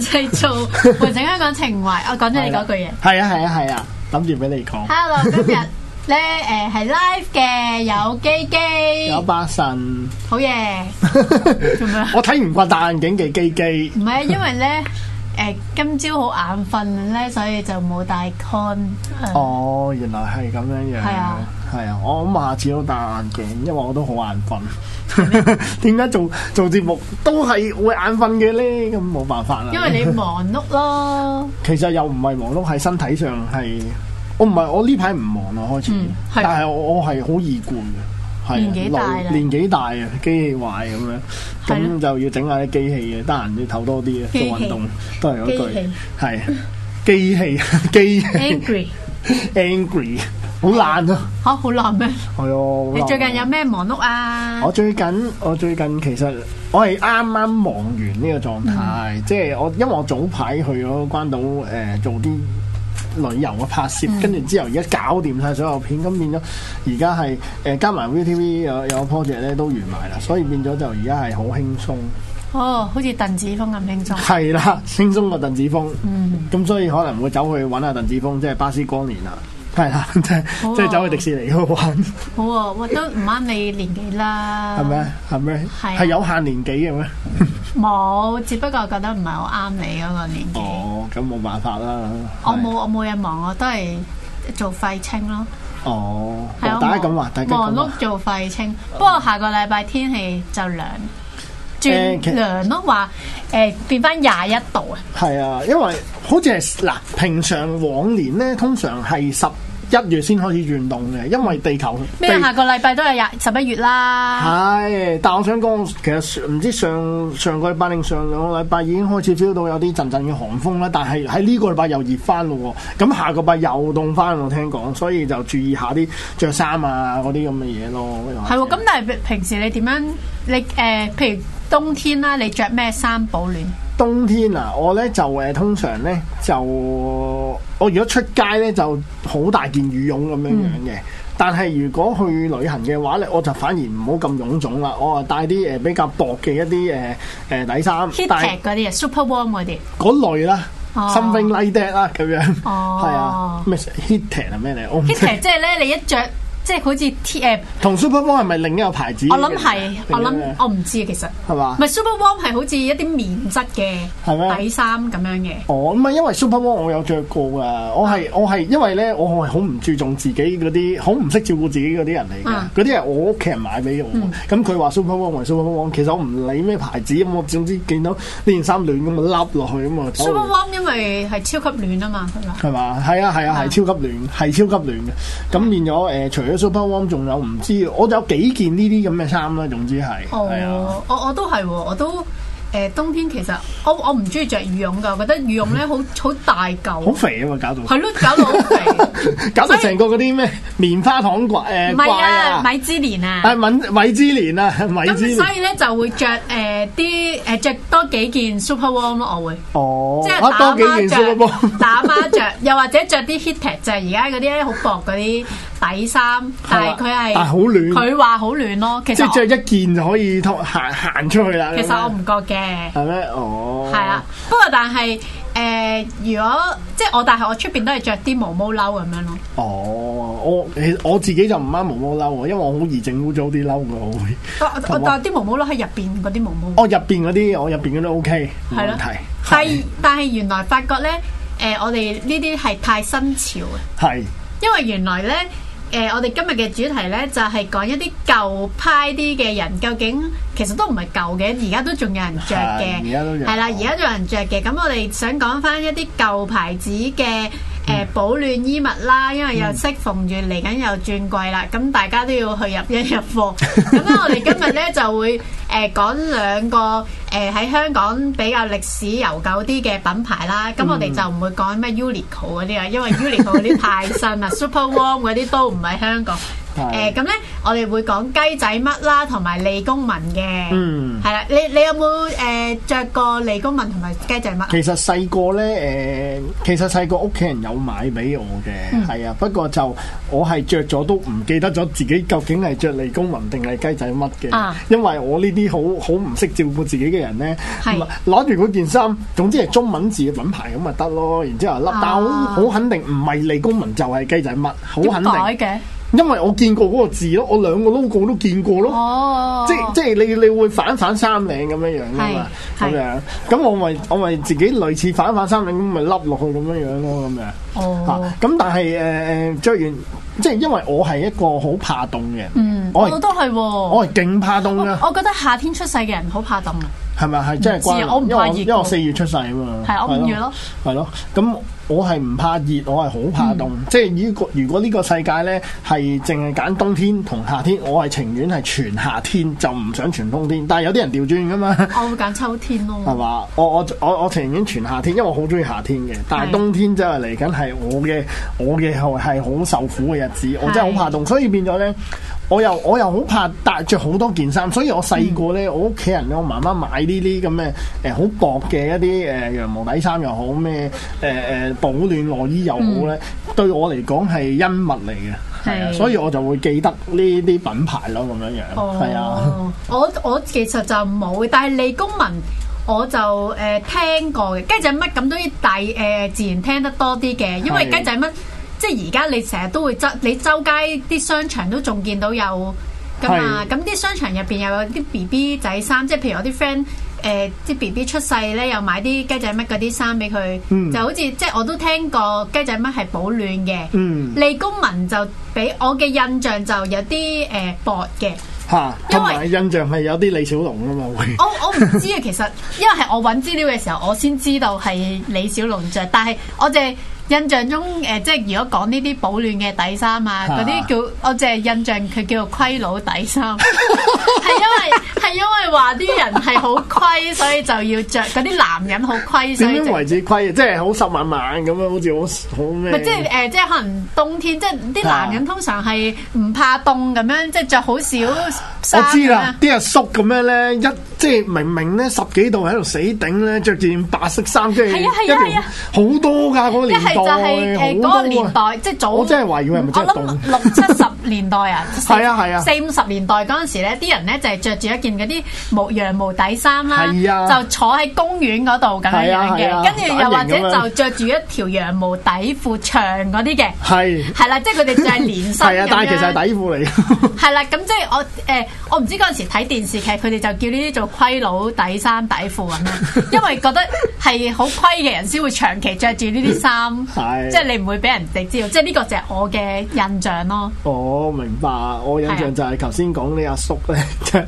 製造完整香港情懷， 我講咗你嗰句嘢。係啊，係啊，係啊，諗住俾你講。Hello，今日咧誒係 live 嘅有璣璣，有八 神，好嘢難。做咩？ 我睇唔慣戴眼鏡嘅璣璣。唔係啊，因為咧。 誒，今朝好眼瞓咧，所以就冇戴 con。哦，原來係咁樣樣。係啊，係啊，我諗下次都戴眼鏡，因為我都好眼瞓。點解嗎 做做節目都係會眼瞓嘅咧？咁冇辦法啦。因為你忙碌咯。其實又唔係忙碌，喺身體上係，我唔係我呢排唔忙啊，開始，嗯、但係我我係好易攰嘅。年紀大年紀大啊？機器壞咁樣，咁就要整下啲機器嘅。得閒要唞多啲啊，做運動都係嗰句，係機器，機器，angry，angry，好爛啊！好，好爛咩？係啊！你最近有咩忙碌啊？我最近，我最近其實我係啱啱忙完呢個狀態，即係我因為我早排去咗關島誒做啲。旅遊嘅拍攝，跟住、嗯、之後而家搞掂晒所有片，咁變咗而家係誒加埋 ViuTV 有有個 project 咧都完埋啦，所以變咗就而家係好輕鬆。哦，好似鄧子峰咁輕鬆。係啦，輕鬆過鄧子峰。嗯，咁所以可能會走去揾下鄧子峰，即係巴斯光年啦。係啦，即係即係走去迪士尼嗰度玩好、啊。 好啊，我都唔啱你年紀啦。係咩 ？係咩？係有限年紀嘅咩？冇、 啊，只不過覺得唔係好啱你嗰個年紀。哦，咁冇辦法啦。我冇唉我冇嘢忙，我都係做廢青咯。哦，哦，哦，大家咁話、啊，大家、啊、忙碌做廢青。哦、不過下個禮拜天氣就涼。轉涼咯，話誒、嗯、變翻廿一度啊！係啊，因為好似係嗱，平常往年咧，通常係十一月先開始轉凍嘅，因為地球咩下個禮拜都係廿十一月啦。係，但我想講，其實唔知上上個禮拜定上兩個禮拜已經開始 feel 到有啲陣陣嘅寒風啦，但係喺呢個禮拜又熱翻咯，咁下個禮拜又凍翻，我聽講，所以就注意下啲着衫啊嗰啲咁嘅嘢咯。係喎、啊，咁但係平時你點樣？你誒、呃，譬如。冬天啦、啊，你着咩衫保暖？冬天啊，我咧就誒，通常咧就我如果出街咧就好大件羽絨咁樣樣嘅。嗯、但係如果去旅行嘅話咧，我就反而唔好咁臃腫啦。我啊帶啲誒比較薄嘅一啲誒誒底衫 heattech 嗰啲 super warm 嗰啲類，嗰類啦，something like that 啦咁樣，係、哦、啊，咩 heattech 係咩嚟 heattech 即係咧你一着。即係好似 TM，同 Superwarm 係咪另一個牌子？我諗係，我諗我唔知啊，其實係嘛？唔係 Superwarm 係好似一啲棉質嘅底衫咁樣嘅。哦，唔係因為 Superwarm 我有着過啊，我係我係因為咧，我係好唔注重自己嗰啲，好唔識照顧自己嗰啲人嚟嘅。嗰啲係我屋企人買俾我，咁佢話 Superwarm 同 Superwarm，其實我唔理咩牌子，我總之見到呢件衫暖咁笠落去啊嘛。Superwarm 因為係超級暖啊嘛，係嘛？係嘛？係啊係啊係，超級暖，係超級暖嘅。咁變咗誒，除咗 Super warm 仲有唔知，我有幾件呢啲咁嘅衫啦。總之係，係、oh, 哎、呀啊，我我都係，我都誒冬天其實我我唔中意着羽絨噶，我覺得羽絨咧好好大嚿，好肥啊嘛，搞到係咯，搞到好肥，以搞到成個嗰啲咩棉花糖怪誒，唔、呃、係啊，米芝蓮啊，誒米、啊、米芝蓮啊，米芝蓮、啊。咁、嗯、 所以咧就會着誒啲誒著多幾件 Super warm 咯，我會哦，即係、oh, 啊、多幾件打孖著，又或者着啲 Heattech 就係而家嗰啲好薄嗰啲。底衫，但係佢係，但係好暖，佢話好暖咯。其實即係着一件就可以托行行出去啦。其實我唔覺嘅。係咩？哦。係啊。不過但係，誒，如果即係我，但係我出邊都係着啲毛毛褸咁樣咯。哦，我我自己就唔啱毛毛褸啊，因為我好易整污糟啲褸嘅，我會。哦哦，但係啲毛毛褸喺入邊嗰啲毛毛。哦，入邊嗰啲，我入邊嗰啲 OK，冇問題。但係但係，原來發覺咧，誒，我哋呢啲係太新潮啊。係。因為原來咧。誒、呃，我哋今日嘅主題呢，就係、是、講一啲舊派啲嘅人，究竟其實都唔係舊嘅，而家都仲有人着嘅，而係啦，而家仲有人着嘅。咁我哋想講返一啲舊牌子嘅、呃、保暖衣物啦，因為又適逢住嚟緊又轉季啦，咁、嗯、大家都要去入一入貨。咁咧，我哋今日呢，就會誒、呃、講兩個。誒喺、呃、香港比較歷史悠久啲嘅品牌啦，咁我哋就唔會講咩 Uniqlo 嗰啲啊，因為 Uniqlo 嗰啲太新啦 ，Superwarm 嗰啲都唔係香港。誒咁咧，我哋會講雞仔嘜啦，同埋利工民嘅，係啦。你你有冇誒著過利工民同埋雞仔嘜？其實細個咧，誒，其實細個屋企人有買俾我嘅，係、嗯、啊。不過就我係着咗都唔記得咗自己究竟係着利工民定係雞仔嘜嘅，啊、因為我呢啲好好唔識照顧自己嘅人咧，攞住嗰件衫，總之係中文字嘅品牌咁咪得咯。然之後，啊、但係好肯定唔係利工民就係雞仔嘜，好肯定。因為我見過嗰個字咯，我兩個 logo 都見過咯，即即係你你會反反三領咁樣樣噶嘛，咁樣咁我咪我咪自己類似反反三領咁咪笠落去咁樣樣咯咁樣，嚇咁但係誒誒，著完即係因為我係一個好怕凍嘅，嗯，我都係，我係勁怕凍啊！我覺得夏天出世嘅人好怕凍啊，係咪係即係？我唔怕熱，因為我四月出世啊嘛，係我五月咯，係咯，咁。我係唔怕熱，我係好怕凍。嗯、即係呢個如果呢個世界呢，係淨係揀冬天同夏天，我係情願係全夏天，就唔想全冬天。但係有啲人調轉噶嘛。我會揀秋天咯。係嘛？我我我我情願全夏天，因為我好中意夏天嘅。但係冬天真係嚟緊係我嘅我嘅係好受苦嘅日子。我真係好怕凍，所以變咗呢。我又我又好怕戴着好多件衫，所以我細個咧，我屋企人咧，我媽媽買呢啲咁嘅誒好薄嘅一啲誒羊毛底衫又好咩誒誒保暖內衣又好咧，嗯、對我嚟講係恩物嚟嘅，係啊的，所以我就會記得呢啲品牌咯咁樣樣，係啊、oh, 的，我我其實就冇，但係利工民我就誒、呃、聽過嘅，雞仔嘜咁都大誒、呃、自然聽得多啲嘅，因為雞仔嘜。即係而家你成日都會周你周街啲商場都仲見到有噶嘛，咁啲是、啊、商場入邊又有啲 B B 仔衫，即係譬如我啲 friend，誒，啲、呃、B B 出世咧，又買啲雞仔嘜嗰啲衫俾佢，嗯、就好似即係我都聽過雞仔嘜係保暖嘅，嗯、利工民就俾我嘅印象就有啲誒、呃、薄嘅，吓哈，因為印象係有啲李小龍噶嘛，我我唔知啊，其實因為係我搵資料嘅時候，我先知道係李小龍着，但係我哋。印象中，誒、呃、即係如果講呢啲保暖嘅底衫啊，嗰啲、啊、叫我即係印象佢叫做虧佬底衫，係 因為係因為話啲人係好虧，所以就要着嗰啲男人好虧。點樣為之虧啊、 呃？即係好十萬萬咁樣，好似好好咩？即係誒，即係可能冬天，即係啲男人通常係唔怕凍咁樣，即係着好少衫啊。我知啦。啲人縮咁樣咧一。即係明明咧十幾度喺度死頂咧，著件白色衫，即係一條好多㗎嗰個年代好多啊！我真係懷疑係咪著凍？我諗六七十年代啊，係啊係啊，四五十年代嗰陣時咧，啲人咧就係著住一件嗰啲毛羊毛底衫啦，就坐喺公園嗰度咁樣樣嘅，跟住又或者就著住一條羊毛底褲長嗰啲嘅，係係啦，即係佢哋著連身咁樣樣。係啊，但係其實係底褲嚟嘅。係啦，咁即係我誒，我唔知嗰陣時睇電視劇，佢哋就叫呢啲做虧佬底衫底褲咁樣，因為覺得係好虧嘅人先會長期着住呢啲衫， 即係你唔會俾人哋知道，即係呢個就係我嘅印象咯。我、哦、明白，我印象就係頭先講呢阿叔咧。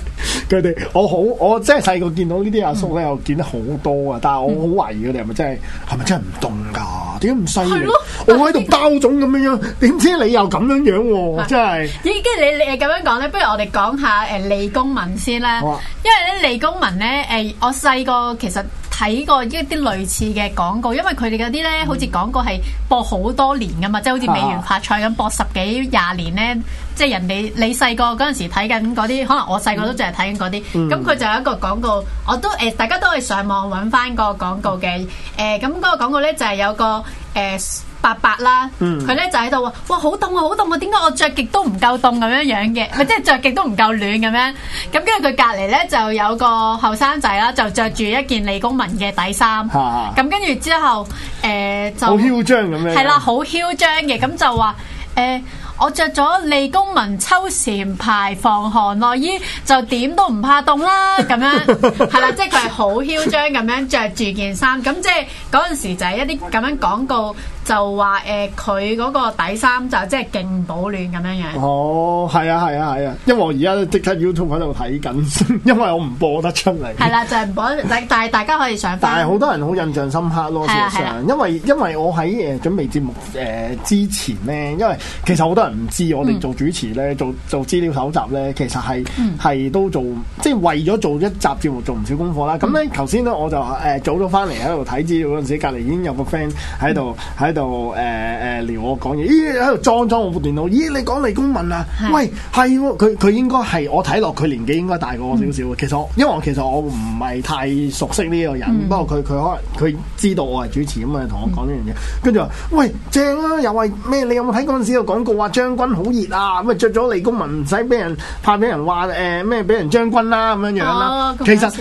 佢哋我好我真係細個見到呢啲阿叔咧，嗯、又見我見得好多啊！但係我好懷疑佢哋係咪真係，係咪真係唔凍噶？點解咁犀利？我喺度包粽咁樣樣，點知你又咁樣樣？真係。咦？跟住你你咁樣講咧，不如我哋講下誒利工民先啦。啊、因為咧利工民咧誒，我細個其實。睇過一啲類似嘅廣告，因為佢哋嗰啲咧，嗯、好似廣告係播好多年㗎嘛，即、就、係、是、好似美源髮采咁，播十幾廿年咧，即係人哋你細個嗰陣時睇緊嗰啲，可能我細個都淨係睇緊嗰啲，咁佢、嗯、就有一個廣告，我都誒、呃，大家都可以上網揾翻個廣告嘅誒，咁、呃、嗰、那個廣告咧就係、是、有個誒。呃白白啦，佢咧、嗯、就喺度話，哇，好凍啊，好凍啊！點解我着極都唔夠凍咁樣樣嘅？佢、啊、即係着極都唔夠暖咁樣。咁跟住佢隔籬咧就有個後生仔啦，就着住一件利工民嘅底衫。咁跟住之後，誒、呃，就好囂張咁樣。係 啦，好囂張嘅，咁就話，誒、呃，我着咗利工民秋蟬牌防寒內衣，就點都唔怕凍啦。咁 樣係啦，即係佢係好囂張咁樣着住件衫。咁即係嗰陣時就係一啲咁樣廣告。就話誒，佢、呃、嗰個底衫就即係勁保暖咁樣樣。哦，係啊，係啊，係啊！因為我而家即刻 YouTube 喺度睇緊， 因為我唔播得出嚟。係啦、啊，就係、唔、播， 但但係大家可以上。但係好多人好印象深刻咯，事實上，因為因為我喺誒準備節目誒、呃、之前咧，因為其實好多人唔知我哋做主持咧，嗯、做做資料搜集咧，其實係係、嗯、都做，即係為咗做一集節目做唔少功課啦。咁咧、嗯，頭先咧我就誒早咗翻嚟喺度睇資料嗰陣時，隔離已經有個 friend 喺度喺。嗯嗯嗯就誒誒撩我講嘢，咦喺度裝裝我部電腦，咦你講利工民啊？的喂，係喎，佢佢應該係我睇落佢年紀應該大過我少少。嗯、其實我因為我其實我唔係太熟悉呢個人，嗯、不過佢佢可能佢知道我係主持咁啊，同我講呢樣嘢，跟住話、嗯、喂正啊，又話咩？你有冇睇嗰陣時個廣告話將軍好熱啊？咁啊着咗利工民唔使俾人怕俾人話誒咩俾人將軍啦、啊、咁樣樣啦、啊。哦嗯、其實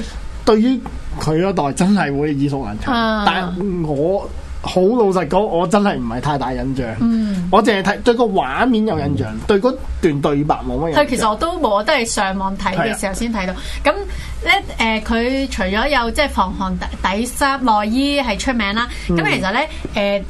對於佢嗰代真係會耳熟能詳，但我。但我好老實講，我真係唔係太大印象。嗯、我淨係睇對個畫面有印象，嗯、對段對白冇乜印象。其實我都冇，我都係上網睇嘅時候先睇到。咁咧、啊，誒，佢、呃、除咗有即係防寒底衫內衣係出名啦，咁、嗯、其實咧，誒、呃。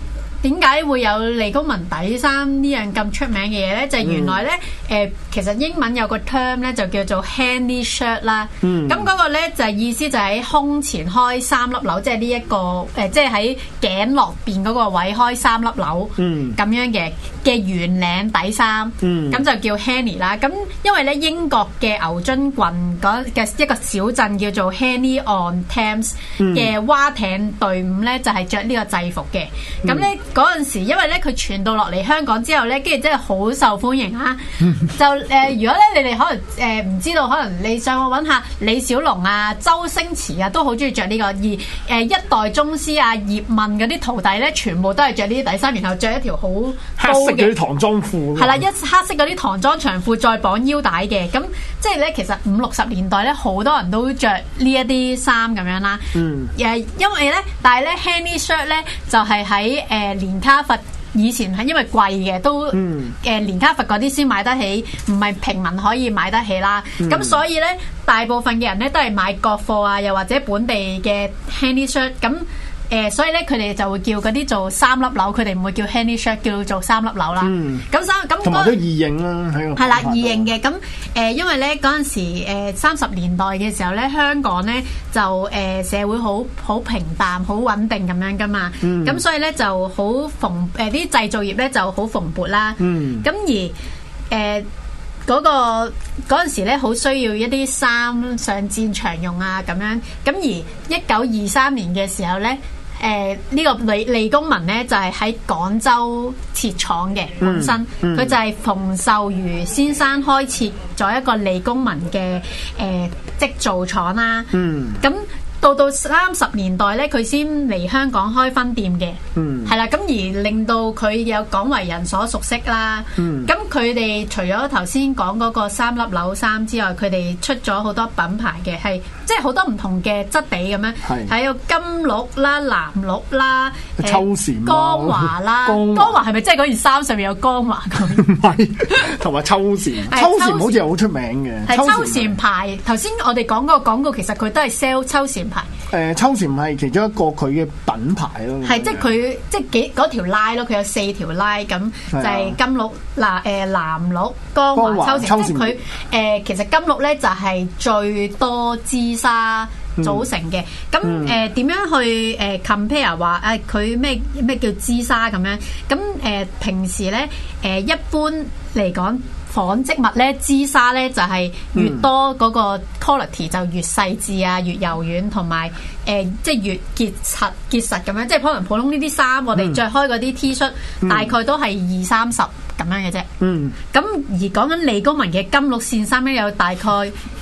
點解會有利工民底衫呢樣咁出名嘅嘢呢，就係、是、原來呢。誒、嗯呃，其實英文有個 term 呢，就叫做 Henley shirt 啦。嗯。咁嗰個咧就係意思就喺胸前開三粒紐，即係呢一個誒，即係喺頸落邊嗰個位開三粒紐。嗯。咁樣嘅嘅圓領底衫。嗯。咁就叫 Henley 啦。咁因為呢，英國嘅牛津郡嗰嘅一個小鎮叫做 Henley-on-Thames 嘅、嗯、蛙艇隊伍呢，就係着呢個制服嘅。咁呢、嗯。嗯嗰陣時，因為咧佢傳到落嚟香港之後咧，跟住真係好受歡迎啊！ 就誒、呃，如果咧你哋可能誒唔、呃、知道，可能你上去揾下李小龍啊、周星馳啊，都好中意着呢個。而誒一代宗師啊、葉問嗰啲徒弟咧，全部都係着呢啲底衫，然後着一條好黑色嗰啲唐裝褲。係啦，一黑色嗰啲唐裝長褲，再綁腰帶嘅。咁即係咧，其實五六十年代咧，好多人都着呢一啲衫咁樣啦。嗯。誒，因為咧，但係咧，hanky shirt 咧就係喺誒。呃連卡佛以前係因為貴嘅，都嘅連卡佛嗰啲先買得起，唔係平民可以買得起啦。咁、嗯、所以咧，大部分嘅人咧都係買國貨啊，又或者本地嘅 handy shirt 咁。誒，所以咧，佢哋就會叫嗰啲做三粒樓，佢哋唔會叫 handy shirt，叫做三粒樓啦。咁三咁二型啦，喺個。係啦，二型嘅咁，誒，因為咧嗰陣時誒，三十年代嘅時候咧，香港咧就誒，社會好好平淡、好穩定咁樣噶嘛。嗯。咁所以咧就好蓬，誒啲製造業咧就好蓬勃啦。嗯、mm. 那個。咁而誒嗰個嗰時咧，好需要一啲衫上戰場用啊咁樣。咁而一九二三年嘅時候咧。誒呢、呃這個利利工民咧就係喺廣州設廠嘅本身，佢、嗯嗯、就係馮壽如先生開設咗一個利工民嘅誒織造廠啦。嗯，咁、嗯。到到三十年代咧，佢先嚟香港開分店嘅，係啦、嗯，咁而令到佢有廣為人所熟悉啦。咁佢哋除咗頭先講嗰個三粒紐衫之外，佢哋出咗好多品牌嘅，係即係好多唔同嘅質地咁樣，係有金鹿啦、藍鹿啦、秋蟬啦、光華啦。光華係咪即係嗰件衫上面有光華咁？唔係，同埋秋蟬，秋蟬好似好出名嘅。係秋蟬、就是、牌。頭先我哋講嗰個廣告，其實佢都係 sell 秋蟬。誒秋蟬唔係其中一個佢嘅品牌咯，係即係佢即係幾嗰條 line 咯，佢有四條 line 咁，就係金鹿、嗱誒的藍鹿、江華秋蟬。秋即係佢誒其實金鹿咧就係最多枝沙組成嘅，咁誒點樣去誒 compare 話誒佢咩咩叫枝沙咁樣？咁誒、呃、平時咧誒一般嚟講。紡織物咧，支紗咧就係、是、越多嗰個 quality 就越細緻啊，越柔軟同埋誒，即係越結實結實咁樣。即係可能普通呢啲衫，我哋着開嗰啲 T 恤，嗯、大概都係二三十咁樣嘅啫。嗯。咁而講緊利工民嘅金綠線衫咧，有大概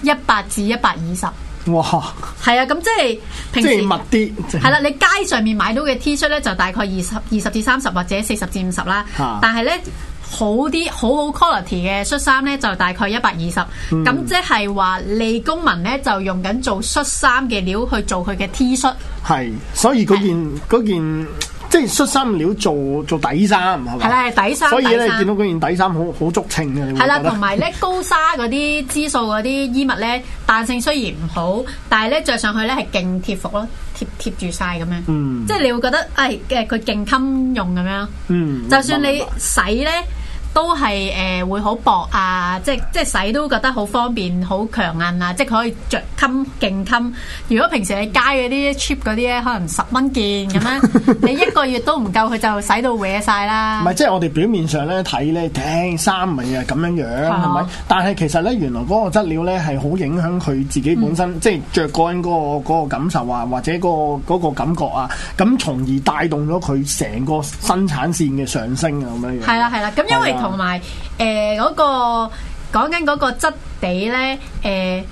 一百至一百二十。哇！係啊，咁即係平係密啲。係啦，你街上面買到嘅 T 恤咧，就大概二十二十至三十或者四十至五十啦。但係咧。好啲好好 quality 嘅恤衫咧，就大概一百二十。咁即係話利工民咧，就用緊做恤衫嘅料去做佢嘅 T 恤。係，所以嗰件嗰件即係恤衫料做做底衫，係咪？係啦，係底衫。所以咧，見到嗰件底衫好好足稱嘅。係啦，同埋咧高紗嗰啲支數嗰啲衣物咧，彈性雖然唔好，但係咧着上去咧係勁貼服咯，貼貼住晒咁樣。嗯。即係你會覺得誒嘅佢勁襟用咁樣。嗯。就算你洗咧。都係誒會好薄啊，即係即係洗都覺得好方便、好強硬啊，即係佢可以着襟勁襟。如果平時你街嗰啲 cheap 嗰啲咧，可能十蚊件咁樣，你一個月都唔夠，佢就洗到歪晒啦。唔係，即係我哋表面上咧睇咧，聽衫咪啊咁樣樣係咪？但係其實咧，原來嗰個質料咧係好影響佢自己本身，即係着嗰陣嗰個感受啊，或者嗰個感覺啊，咁從而帶動咗佢成個生產線嘅上升啊咁樣樣。係啦係啦，咁因為。同埋誒嗰個講緊嗰個質地咧，誒、呃，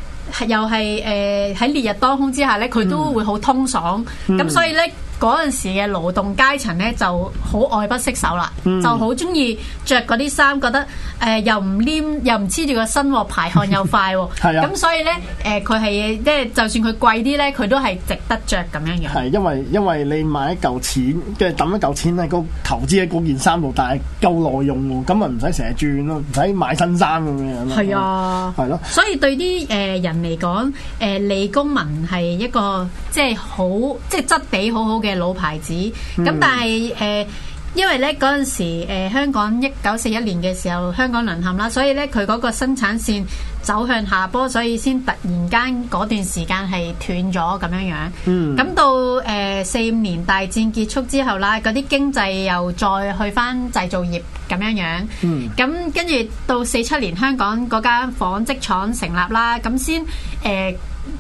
又係，誒、呃，喺烈日當空之下咧，佢都會好通爽，咁、嗯、所以咧。嗰陣時嘅勞動階層咧就好愛不釋手啦，就好中意著嗰啲衫，覺得誒又唔黏又唔黐住個身喎，排汗又快喎，咁所以咧誒佢係即係就算佢貴啲咧，佢都係值得著咁樣樣。係因為因為你買一嚿錢，即係抌一嚿錢喺個投資喺嗰件衫度，但係夠耐用喎，咁咪唔使成日轉咯，唔使買新衫咁樣樣咯。係啊，係咯。所以對啲誒人嚟講，誒利工民係一個即係好即係質地好好嘅嘅老牌子，咁、嗯、但係誒、呃，因為咧嗰陣時誒、呃、香港一九四一年嘅時候香港淪陷啦，所以咧佢嗰個生產線走向下坡，所以先突然間嗰段時間係斷咗咁樣樣，嗯，咁到誒四五年大戰結束之後啦，嗰啲經濟又再去翻製造業咁樣、嗯、樣，嗯，咁跟住到四七年香港嗰間紡織廠成立啦，咁先誒。呃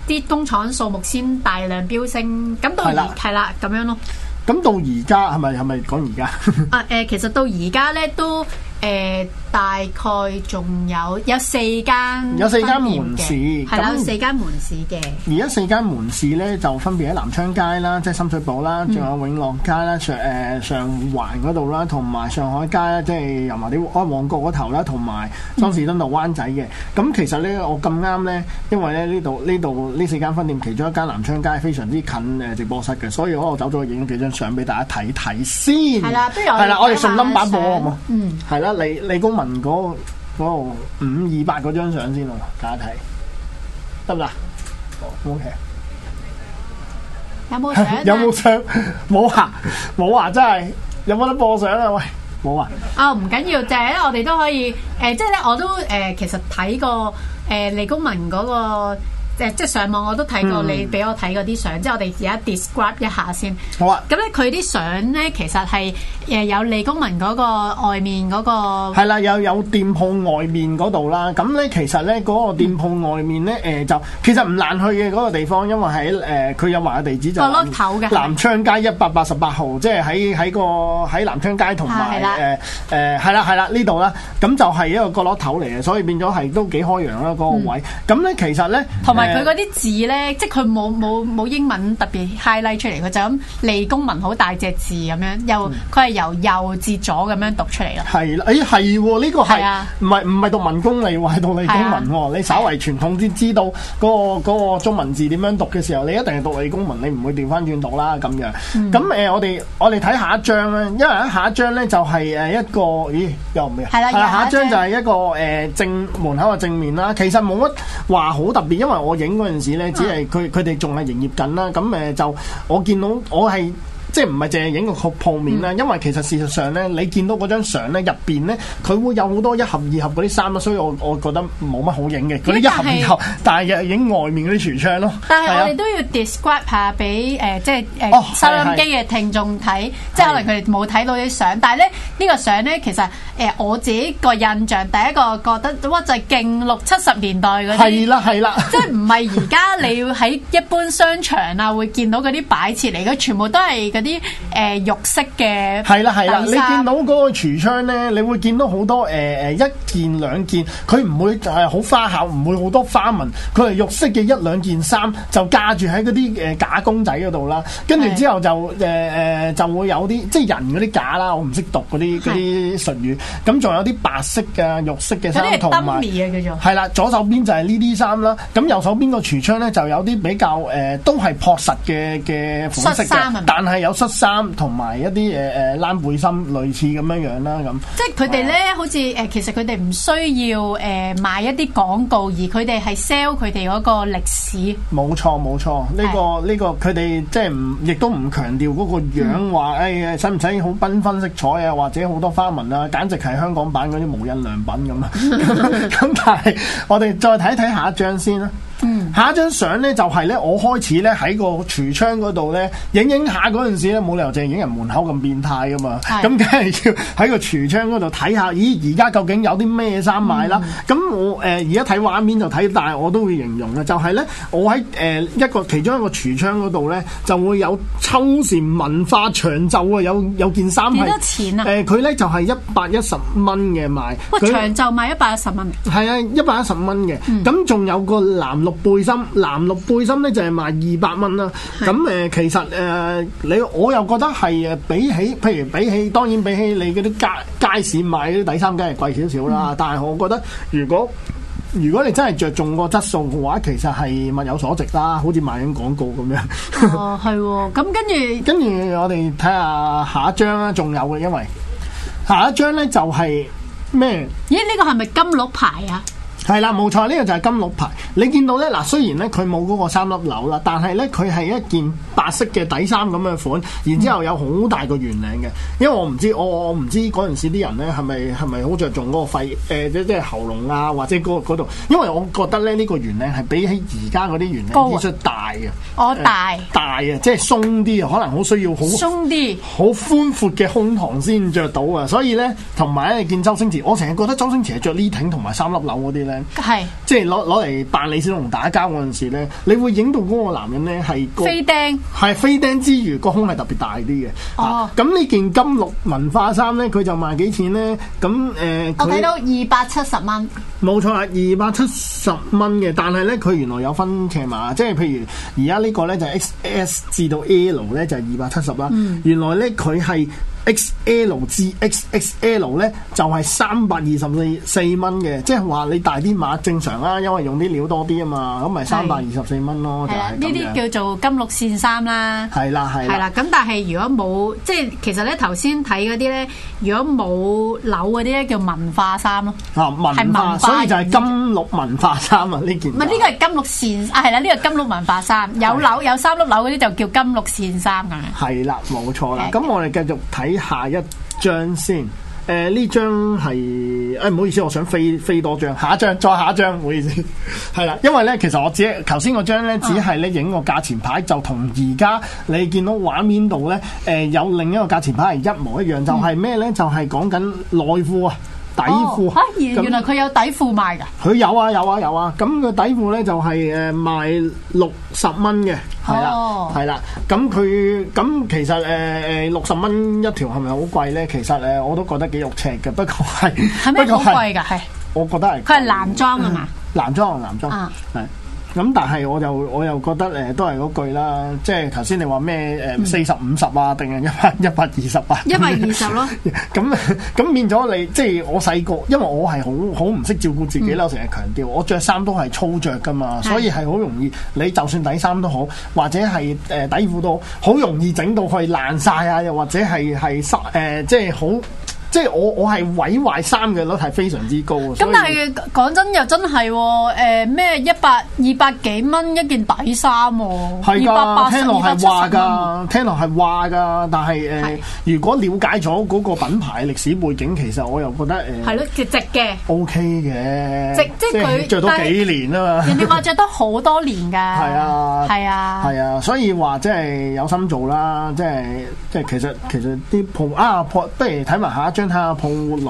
啲工廠數目先大量飆升，咁到係啦，咁樣咯。咁到而家係咪係咪講而家？是是是是 啊誒、呃，其實到而家咧都誒。呃大概仲有有四間，有四間門市，係啦，有四間門市嘅。而家四間門市咧，就分別喺南昌街啦，即係深水埗啦，仲有永樂街啦，上誒上環嗰度啦，同埋上海街啦，即係油麻地旺角嗰頭啦，同埋莊士敦道灣仔嘅。咁其實咧，我咁啱咧，因為咧呢度呢度呢四間分店其中一間南昌街非常之近誒直播室嘅，所以我走咗去影咗幾張相俾大家睇睇先。係啦，都有嘅。係啦，我哋順針板報好唔好？嗯，係啦，你。利工。問嗰嗰五二八嗰張相先喎，大家睇得唔得？哦，O K。有冇相？有冇相？冇啊！冇啊！真係有冇得播相啊？喂，冇啊！哦，唔緊要，就係咧，我哋都可以誒，即係咧，我都誒，其實睇過誒利工民嗰個。即係上網我都睇過、嗯、你俾我睇嗰啲相，即係我哋而家 describe 一下先。好啊。咁咧，佢啲相咧，其實係誒有利工民嗰個外面嗰個係啦，有有店鋪外面嗰度啦。咁、呃、咧其實咧，嗰個店鋪外面咧，誒就其實唔難去嘅嗰個地方，因為喺誒佢有話地址就角落頭嘅南昌街一百八十八號，即係喺喺個喺南昌街同埋誒誒，係啦係啦，呢度啦。咁就係一個角落頭嚟嘅，所以變咗係都幾開陽揚啦嗰個位。咁咧、嗯、其實咧同埋。呃佢嗰啲字咧，即係佢冇冇冇英文特別 highlight 出嚟，佢就咁利工民好大隻字咁樣，又佢係由右至左咁樣讀出嚟啦。係啦、嗯，誒係喎，呢、這個係唔係唔係讀民工利喎，係讀利工民喎。你稍為傳統啲知道嗰、那個那個中文字點樣讀嘅時候，的你一定係讀利工民，你唔會調翻轉讀啦咁樣。咁誒、嗯，我哋我哋睇下一張啦，因為下一張咧就係誒一個，咦，又唔係，下一張就係一個誒正門口嘅正面啦。其實冇乜話好特別，因為我。我影嗰陣時咧，只係佢佢哋仲係營業緊啦，咁 誒樂，就我見到我係。 即係唔係淨係影個個鋪面啦？因為其實事實上咧，你見到嗰張相咧入邊咧，佢會有好多一盒二盒嗰啲衫啦。所以我我覺得冇乜好影嘅，嗰啲一盒二盒，但係又影外面嗰啲櫥窗咯。但係我哋都要 describe 下俾誒，即係誒收音機嘅聽眾睇，哦、是是即係可能佢哋冇睇到啲相。的但係咧呢、這個相咧，其實誒、呃、我自己個印象第一個覺得哇，就係、是、勁六七十年代嗰啲係啦係啦， 即係唔係而家你喺一般商場啊會見到嗰啲擺設嚟嘅，全部都係啲誒、呃、玉色嘅，係啦係啦，你見到嗰個櫥窗咧，你會見到好多誒誒、呃、一件兩件，佢唔會，誒好、呃、花巧，唔會好多花紋，佢係玉色嘅一兩件衫，就架住喺嗰啲誒假公仔嗰度啦。跟住之後就誒誒、呃、就會有啲即係人嗰啲假啦，我唔識讀嗰啲嗰啲唇語，咁仲的有啲白色嘅玉色嘅衫同埋，係啦，左手邊就係呢啲衫啦。咁右手邊個櫥窗咧就有啲比較誒、呃、都係樸實嘅嘅款式嘅，但係。有。恤衫同埋一啲誒誒冷背心類似咁樣樣啦咁，即係佢哋咧好似誒，其實佢哋唔需要誒賣，呃、一啲廣告，而佢哋係 sell 佢哋嗰個歷史。冇錯冇錯，呢個呢個佢哋即係唔亦都唔強調嗰個樣話誒，使唔使好繽紛色彩啊，或者好多花紋啊，簡直係香港版嗰啲無印良品咁啊！咁但係我哋再睇睇下一張先啦。嗯，下一張相咧就係咧，我開始咧喺個櫥窗度咧影影下陣時咧，冇理由淨影人門口咁變態噶嘛，咁梗係要喺個櫥窗度睇下，咦而家究竟有啲咩衫賣啦？咁、嗯、我誒而家睇畫面就睇，但係我都會形容嘅，就係、是、咧我喺誒一個其中一個櫥窗度咧就會有秋蟬文化長袖啊，有有件衫係幾多錢啊？誒佢咧就係一百一十蚊嘅賣哇，喂他長袖賣、嗯、一百一十蚊？係啊，一百一十蚊嘅。咁仲有個藍。背心藍綠背心咧就係賣二百蚊啦，咁誒的、呃，其實誒、呃，你我又覺得係誒，比起譬如比起，當然比起你嗰啲街街市買啲底衫，梗係貴少少啦。嗯、但係我覺得，如果如果你真係着重個質素嘅話，其實係物有所值啦。好似賣緊廣告咁樣。係咁、哦、跟住， 跟住我哋睇下下一張啦，仲有嘅，因為下一張咧就係咩？咦、欸、呢、這個係咪金鹿牌啊？係啦，冇錯，呢、這個就係金鹿牌。你見到咧，嗱雖然咧佢冇嗰個三粒紐啦，但係咧佢係一件白色嘅底衫咁嘅款，然之後有好大個圓領嘅。因為我唔知，我我唔知嗰陣時啲人咧係咪係咪好着重嗰個肺誒、呃、即即係喉嚨啊，或者嗰、那、度、個。因為我覺得咧呢、這個圓領係比起而家嗰啲圓領啲出大嘅。哦大、呃，大大啊，即係鬆啲啊，可能好需要好鬆啲好寬闊嘅胸膛先着到啊。所以咧，同埋咧見周星馳，我成日覺得周星馳係着呢挺同埋三粒紐嗰啲咧。係，是即係攞攞嚟扮李小龍打交嗰陣時咧，你會影到嗰個男人咧係飛釘，係飛釘之餘個胸係特別大啲嘅。哦，咁呢、啊、件金綠文化衫咧，佢就賣幾錢咧？咁誒，我睇到二百七十蚊，冇錯 Okay, 它，二百七十蚊嘅。但係咧，佢原來有分尺碼，即係譬如而家呢個咧就係 XS 至到 L 咧就係二百七十啦。嗯、原來咧佢係。XL 至 XXL 咧就係三百二十四四蚊嘅，即係話你大啲碼正常啦，因為用啲料多啲啊嘛，咁咪三百二十四蚊咯，就係咁樣。呢啲叫做金綠線衫啦。係啦，係啦。咁但係如果冇，即係其實咧頭先睇嗰啲咧，如果冇紐嗰啲咧叫文化衫咯。啊文化，所以就係金綠文化衫啊呢件。唔係呢個係金綠線啊，係啦，呢個金綠文化衫，有紐有三粒紐嗰啲就叫金綠線衫啊。係啦，冇錯啦。咁我哋繼續睇。睇下一張先，誒、呃、呢張係誒，唔好意思，我想飛飛多張，下一張再下一張，唔好意思，係 啦，因為咧其實我只係頭先嗰張咧只係咧影個價錢牌，就同而家你見到畫面度咧誒有另一個價錢牌係一模一樣，就係咩咧？嗯、就係講緊內褲啊！底褲、哦啊、那原來佢有底褲賣噶。佢有、啊有、啊、有啊，有啊，有啊、哦。咁個底褲咧就係誒賣六十蚊嘅，係啦，係啦。咁佢咁其實誒誒六十蚊一條係咪好貴咧？其實誒我都覺得幾肉赤嘅，不過係，係咪好貴㗎？係， 我覺得係。佢係男裝啊嘛，男裝男裝係。咁但係我就我又覺得誒、呃、都係嗰句啦，即係頭先你話咩誒四十五十啊，定係一百一百二十啊？一百二十咯。咁咁樣、啊、 變咗你即係我細個，因為我係好好唔識照顧自己啦、嗯，我成日強調我着衫都係粗着㗎嘛，嗯、所以係好容易你就算底衫都好，或者係誒、呃、底褲都好，好容易整到佢爛晒啊，又或者係係濕誒，即係好。即係我我係毀壞衫嘅率係非常之高啊！咁但係講真又真係誒咩一百二百幾蚊一件底衫係二百八，聽落係話噶，聽落係話噶，但係誒如果了解咗嗰個品牌歷史背景，其實我又覺得誒係咯，值值嘅，OK 嘅，值即係佢着多幾年啊嘛！人哋話着多好多年㗎，係啊，係啊，係啊，所以話即係有心做啦，即係即係其實其實啲鋪啊鋪，不如睇埋下一張。睇下鋪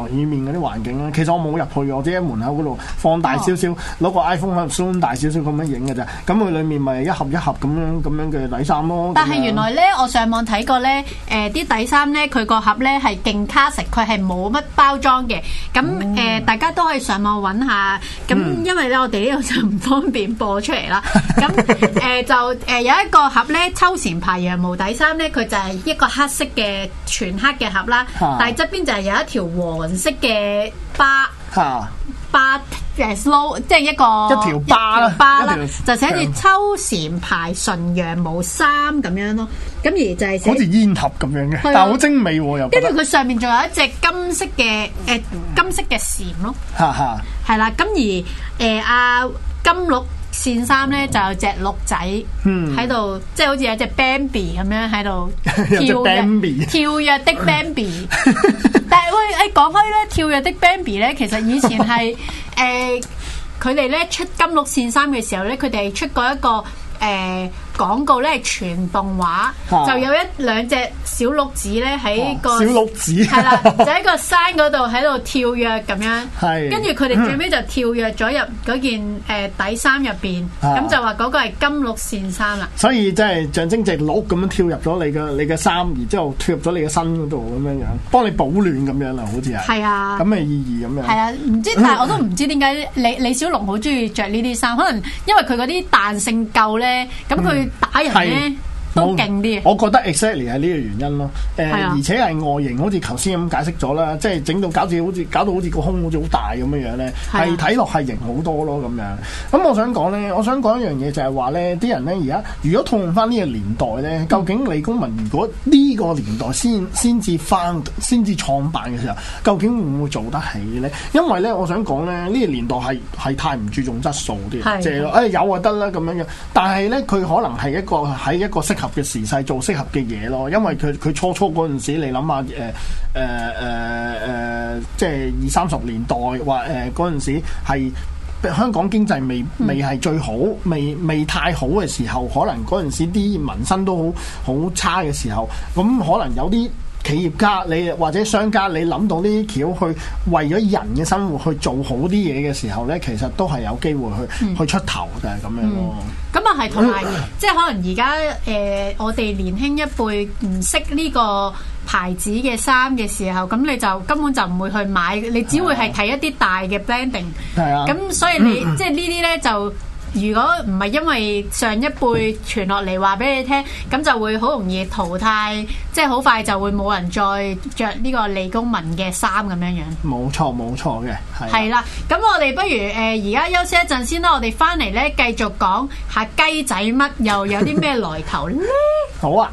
裏面嗰啲環境啦，其實我冇入去，我只喺門口嗰度放大少少，攞個 iPhone 去 zoom 大少少咁樣影嘅啫。咁佢裏面咪一盒一盒咁樣咁樣嘅底衫咯。但係原來咧，我上網睇過咧，誒啲底衫咧，佢個盒咧係勁卡實，佢係冇乜包裝嘅。咁誒，大家都可以上網揾下。咁因為咧，我哋呢度就唔方便播出嚟啦。咁誒就誒有一個盒咧，秋蟬牌羊毛底衫咧，佢就係一個黑色嘅全黑嘅盒啦，但係側邊就係。有一條黃色嘅巴哈巴誒 slow，即係一個一條巴啦，巴就寫住秋蟬牌純羊毛衫咁樣咯。咁而就係好似煙盒咁樣嘅，啊、但係好精美喎、啊、又。跟住佢上面仲有一隻金色嘅誒、呃、金色嘅蟬咯，係啦。咁、啊、而誒阿、呃、金鹿。線衫咧就有隻鹿仔喺度，嗯、即係好似有隻 Bambi 咁樣喺度跳躍 跳躍的 Bambi。 但係喂，誒，講開咧跳躍的 Bambi 咧，其實以前係誒，佢哋咧出金鹿線衫嘅時候咧，佢哋出過一個誒。呃廣告咧係全動畫，啊、就有一兩隻小鹿子咧喺個、啊、小鹿子係啦，就喺個山嗰度喺度跳躍咁樣，的跟住佢哋最尾就跳躍咗入嗰件誒、呃、底衫入邊，咁、啊、就話嗰個係金鹿線衫啦。所以真係象徵隻鹿咁樣跳入咗你嘅你嘅衫，然之後跳入咗你嘅身嗰度咁樣樣，幫你保暖咁樣啦，好似係。係啊的，咁嘅意義咁樣。係啊，唔知但係我都唔知點解李李小龍好中意着呢啲衫，可能因為佢嗰啲彈性夠咧，咁佢。打人咧。都勁啲，我覺得 exactly 係呢個原因咯。誒、呃，是啊、而且係外形，好似頭先咁解釋咗啦，即係整到搞住好似搞到好似個胸好似好大咁樣樣咧，係睇落係型好多咯咁樣。咁我想講咧，我想講一樣嘢就係話咧，啲人咧而家如果套用翻呢個年代咧，究竟利工民如果呢個年代先先至翻先至創辦嘅時候，究竟會唔會做得起咧？因為咧，我想講咧，呢、呢個年代係係太唔注重質素啲，即係誒有就得啦咁樣樣。但係咧，佢可能係一個喺一個合嘅時勢做適合嘅嘢咯，因為佢佢初初嗰陣時，你諗下誒誒誒誒，即係二三十年代或誒嗰陣時，係香港經濟未未係最好、未未太好嘅時候，可能嗰陣時啲民生都好好差嘅時候，咁可能有啲。企業家，你或者商家，你諗到呢啲橋，去為咗人嘅生活去做好啲嘢嘅時候呢，其實都係有機會去、嗯、去出頭，就係咁樣咯。咁啊、嗯，係同埋即係可能而家誒，我哋年輕一輩唔識呢個牌子嘅衫嘅時候，咁你就根本就唔會去買，你只會係睇一啲大嘅 branding。係啊、嗯，咁、嗯、所以你即係呢啲呢就。如果唔係因為上一輩傳落嚟話俾你聽，咁就會好容易淘汰，即係好快就會冇人再着呢個利工民嘅衫咁樣樣。冇錯冇錯嘅，係。係啦，咁我哋不如誒而家休息一陣先啦，我哋翻嚟呢，繼續講下雞仔嘜又有啲咩來頭咧？ 好啊。